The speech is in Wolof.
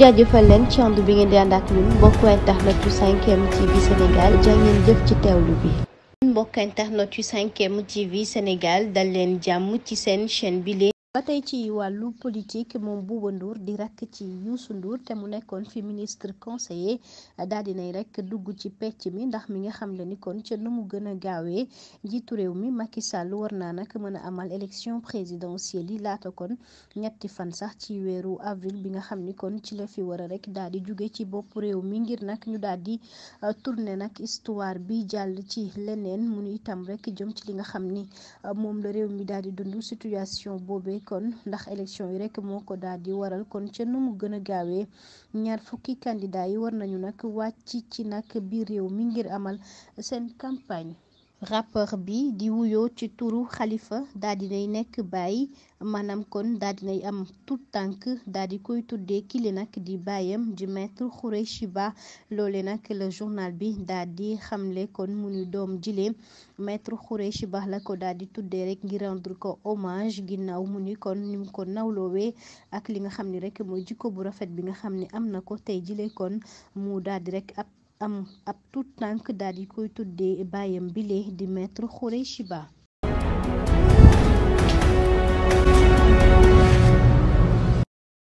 jaajëfal leen ci bi ngeen di ànd ak ñun mbokku internet yu 5M TV Sénégal jaa jëf ci teewlu bi. mbokku internet yu 5M TV Sénégal dal leen jàmm ci seen chaîne bi ba tey ci wàllu politique moom Bouba Ndour di rakk ci yuusu nduur te mu nekkoon fi ministre conseiller daal dinay rek dugg ci pecc mi ndax mi nga xam le ni kon ca nu mu gën a gaawee njiitu réew mi Macky Sall war naa nag mën a amal élection présidentielle yi laata kon ñetti fan sax ci weeru avril bi nga xam ni kon ci la fi war a rek daal di jóge ci bopp réew mi ngir nag ñu daal di euh, tourne nag histoire bi jàll ci leneen mu nu itam rek jëm ci li nga xam ni euh, moom la réew mi daal di dund situation boobee kon ndax élection yi rek moo ko daal di waral kon ca nu mu gën a gaawee ñaar fukki candidat yi war nañu nag wàcc ci nag biir réew mi ngir amal seen campagne. rappeur bi di wuyoo ci turu xalifa daal dinay nekk bàyyi maanaam kon daal dinay am tout tànk daal di koy tuddee kili nag di bàyyam di maître xure Ba loole nag le journal bi daal di xamle kon mu ni doom jilee maître Khoureychi Ba la ko daal di tuddee rek ngir rendre ko hommage ginnaaw mu ni kon ni mu ko nawloowee ak li nga xam ni rek mooy jikko bu rafet bi nga xam ni am na ko tey jile kon mu daal di ab am ab tuut tànk daal di koy tuddee bàyyam bile di maître Khoureychi Ba